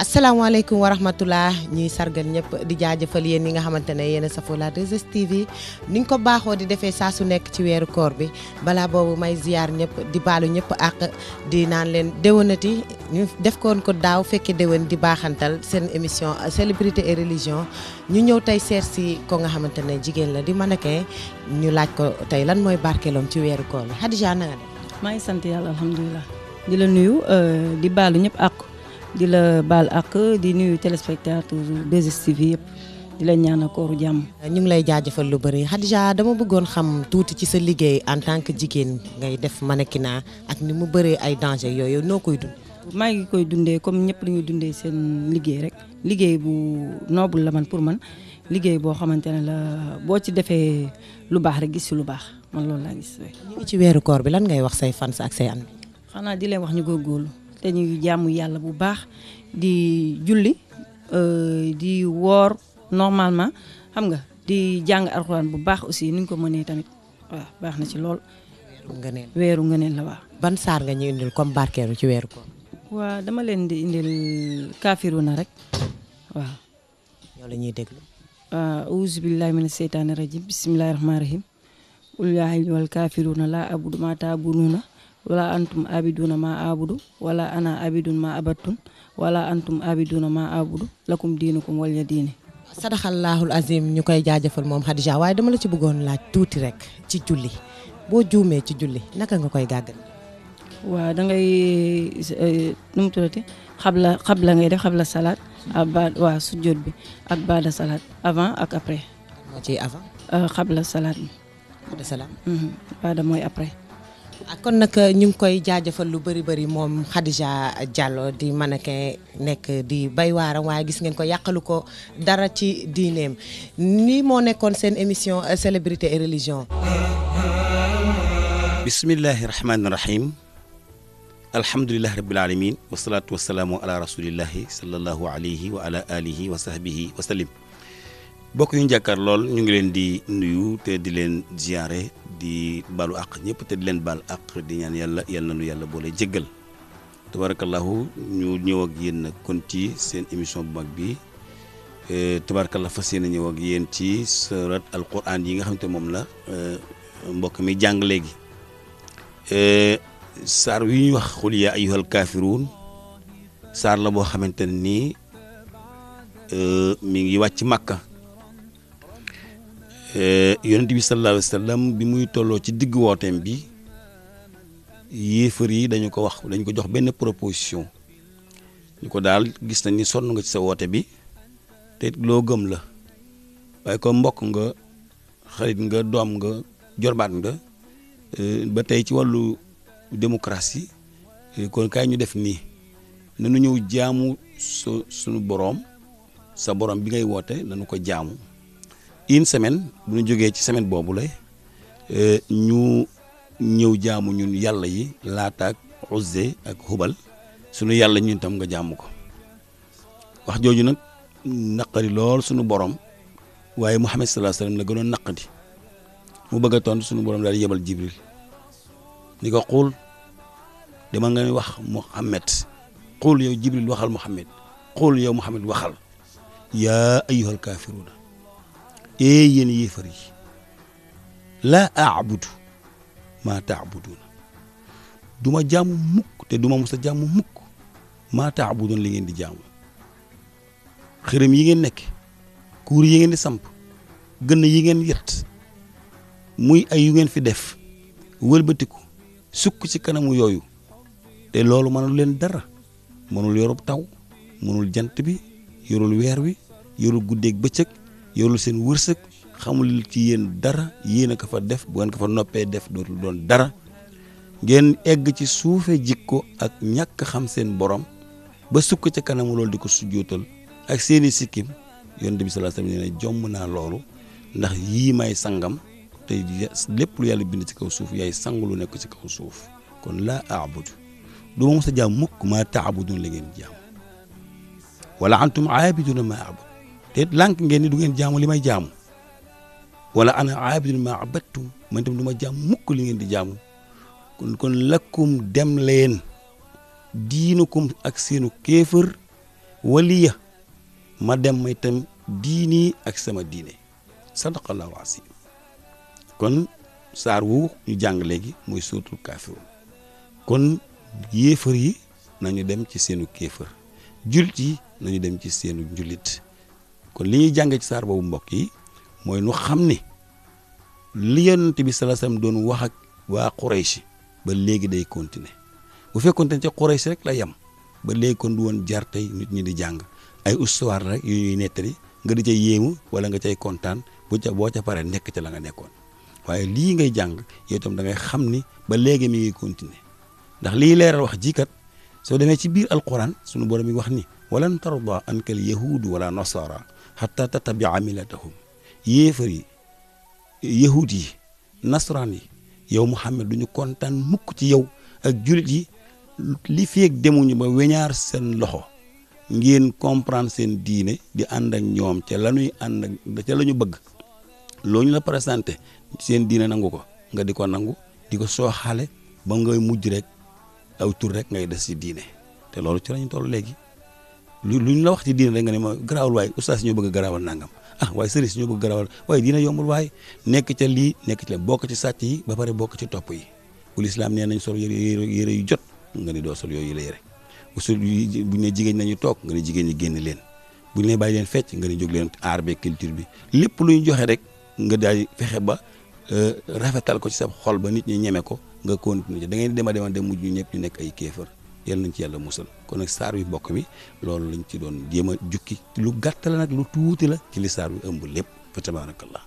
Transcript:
asalaamaaleykum wa rahmatullah ñuy sargal ñëpp di jaajëfal yéen ñi nga xamante ne yéen a safoo la 2STV ni ñu ko baaxoo di defee saa su nekk ci weeru koor bi balaa boobu may ziyaar ñëpp di baalu ñëpp ak di naan leen déwénati ñu def koon ko daaw fekke déwén di baaxantal seen émission célébrité et religion ñu ñëw tey seet si ko nga xamante ne jigéen la di mannequin ñu laaj ko tey lan mooy barkeeloom ci weeru koor bi Khadija na nga def maa ngi sant yàlla alhamdulilah di la nuyu euh, di baalu ñëpp ak di la baal ak di nuyu téléspectateur 2STV yëpp di la ñaan kooru jàmm. ñu ngi lay jaajëfal lu bëri Khadija dama buggoon xam tuuti ci sa liggéey en tant que jigéen ngay def mannequinat ak ni mu bëree ay danger yooyu noo koy dund. maa ngi koy dundee comme ñëpp lu dundee seen liggéey rek liggéey bu noble la man pour man liggéey boo xamante ne la boo ci defee lu baax rek gis si lu baax man loolu laa gis. ñu ngi ci weeru koor bi lan ngay wax say fans ak say an. te ñu ngi jàmm yàlla bu baax di julli euh, di woor normalement xam nga di jàng alxuraan bu baax aussi ni ñu ko mënee tamit waaw baax na ci lool. weeru ngëneel weeru ngëneel la waaw. ban saar nga ñu indil comme barkeeru ci weeru ko waa dama leen di indil na rek waaw. yow la ñuy déglu. auzu billahi mina seytaani rajim bismillahi rahmaani rahim. qul yaa ayyuhal kaafiruuna laa abudu maa taabuduuna wala antum abiduna ma abudu wala ana abidun ma abattum wala antum abiduna ma abudu lakum diinukum walya diine sadaxallaahul azim ñu koy jaajëfal moom Khadija waaye dama la ci bëggoon laaj tuuti rek ci julli boo juumee ci julli naka nga koy gàggal waaw da ngay eh, nu mu tuddati xabla xabla ngay ba sujjóot bi ak baada salaat avant ak après moo ciy euh, mhm, baada mooy après Ah, kon nag euh, ñu ngi koy jaajëfal lu bari bari moom Khadija Diallo di mannequin nekk di bay waaram waaye gis ngeen ko yàqalu ko dara ci diineem nii moo nekkoon seen émission euh, célébrité et religion. bismillahi rahmaani rahim alhamdulilah rabil aalamiin wasalaatu wasalaamu ala rasulillahi sallallahu alayhi wa ala alihi wa sahbihi wa sallim. bokk yu ñu jàkkaar lool ñu ngi leen di nuyu te di leen ziyaare di balu àq ñëpp te di leen baal àq di ñaan yàlla yal na nu yàlla boo boole jéggal tabarakallahu ñu ñëw ak yéen nag kon ci seen émission bu mag bi e, tabarakallah fas yéen a ñëw ak yéen ci surat alquran yi nga xam te moom la e, mbokk mi jàng léegi e, saar wi ñuy wax xul yaa ayyuhal kaafiruun saar la boo xamante nii mi ngi wàcc màkka Eh, yonent bi sallallahu alayhi wa bi muy tolloo ci digg wooteem bi yéefar yi dañu ko wax dañu ko jox benn proposition ñu ko daal gis nañ ni sonn nga ci sa woote bi te loo gëm la waaye ko mbokk nga xarit nga doom nga jorbaat nga eh, ba tey ci wàllu démocratie eh, kon kaay ñu def nii nanu ñëw jaamu su sunu boroom sa boroom bi ngay woote nanu ko jaamu une semaine bu nu jógee ci semaine boobu la euh, ñu ñëw jaamu ñun yàlla yi laataak Uzza ak Hubal sunu yàlla ñun tam nga jaamu ko wax jooju nag naqari lool sunu borom waaye Muhammad sallallahu alayhi wasallam la gënoon naqadi mu bëgga ton tontu sunu borom daal yebal Jibril ni ko xuul demal nga wax Muhammad xuul yow Jibril waxal Muhammad xuul yow Muhammad waxal yaa ayyuhal kaafiruuna ee eh, yéen yéefar yi laa aabudu maa taabuduuna du ma jaamu mukk te du ma mos a jaamu mukk maa taabuduuna li ngeen di jaamu xërëm yi ngeen nekk kuur yi ngeen di samp gën yi ngeen yett muy ay yu ngeen fi def wëlbatiku sukk ci kanamu yooyu te loolu mënul leen dara mënul yorub taw mënul jant bi yorul weer wi yorul guddeeg bëccëg yorul seen wërsëg xamul ci yéen dara yéen a ko fa def bu ngeen ko fa noppee def dootul doon dara ngeen egg ci suufe jikko ak ñàkk xam seen borom ba sukk ca kanamu loolu di ko sujjootal ak seeni sikkim yonent bi sallallahu alayhi wasallam nee na jomm naa loolu ndax yii may sangam te lépp yàlla bind ci kaw suuf yaay sangu lu nekk ci kaw suuf kon laa aabudu du ma mos a jaam mukk maa taabudun la ngeen jaam wala antum aabiduna ma aabud te lànk ngeen ni du ngeen jaamu li may jaamu wala ana aabidun ma abattum man itam du ma jaam mukk li ngeen di jaamu kon kon lakkum dem leen diinukum ak seenu kéefër waliya ma dem may tam diini ak sama diine sadaqallahu asim kon saar wu ñu jàng léegi mooy suuratul kaafiruun kon yéefër yi nañu dem ci seenu kéefër jullit yi nañu dem ci seenu njulit kon li ñuy jàngee ci saar boobu mbokk yi mooy nu xam ne li yonent bi sallallahu alayhi doon wax ak waa Quraysh ba léegi day continuer bu fekkoon te ca Quraysh rek la yem ba léegi kon woon jar nit ñi di jàng ay histoire rek yu ñuy nettali nga di ca yéemu wala nga cay kontaan bu ca boo ca paree nekk ca la nga nekkoon waaye li ngay jàng yow itam da ngay xam ni ba léegi mi ngi continuer ndax lii leeral wax ji kat soo demee ci biir alquran sunu borom mi wax ni walan tarda ankal yahudu wala nasara xatta tatabia milatahum yéefar yi yahud yi nasraan yi yow Muhammad du ñu kontaan mukk ci yow ak jullit yi li feeg demuñu ba weñaar seen loxo ngeen comprendre seen diine di ànd ak ñoom ca la ñuy ànd ak ca lañu bëgg loo ñu la présenté seen diine nangu ko nga di ko nangu di ko soo xale ba ngay mujj rek aw tur rek ngay des ci diine te loolu ci lañu toll léegi lu luñ la wax ci diine rek nga ne ma garaawul waaye oustaz ñoo bëgg a garaawal nangam ah waaye sëriñ si ñoo bëgg garaawal waaye diina yombul waaye nekk ca lii nekk ci la bokk ci sàcc yi ba pare bokk ci topp yi ul islam nee nañ sol yére yére yu jot nga ne doo sol yooyu la yére usul buñ ne jigéen nañu toog nga ne jigéen ñi génn leen buñ ne bàyyi leen fecc nga ne jóg leen aar be culture bi lépp lu joxe rek nga daal fexe ba euh, rafetal ko ci sa xol ba nit ñi ñeme ko nga continuer da ngay dema dema dem mujj ñu ñëpp ñu nekk ay kéefar yal nañ ci yàlla musal kon nag saar wi mbokk mi loolu lañ ci doon jéem a jukki lu gàtt la nag lu tuuti la ci li saar wi ëmb lépp fa tabaarakallah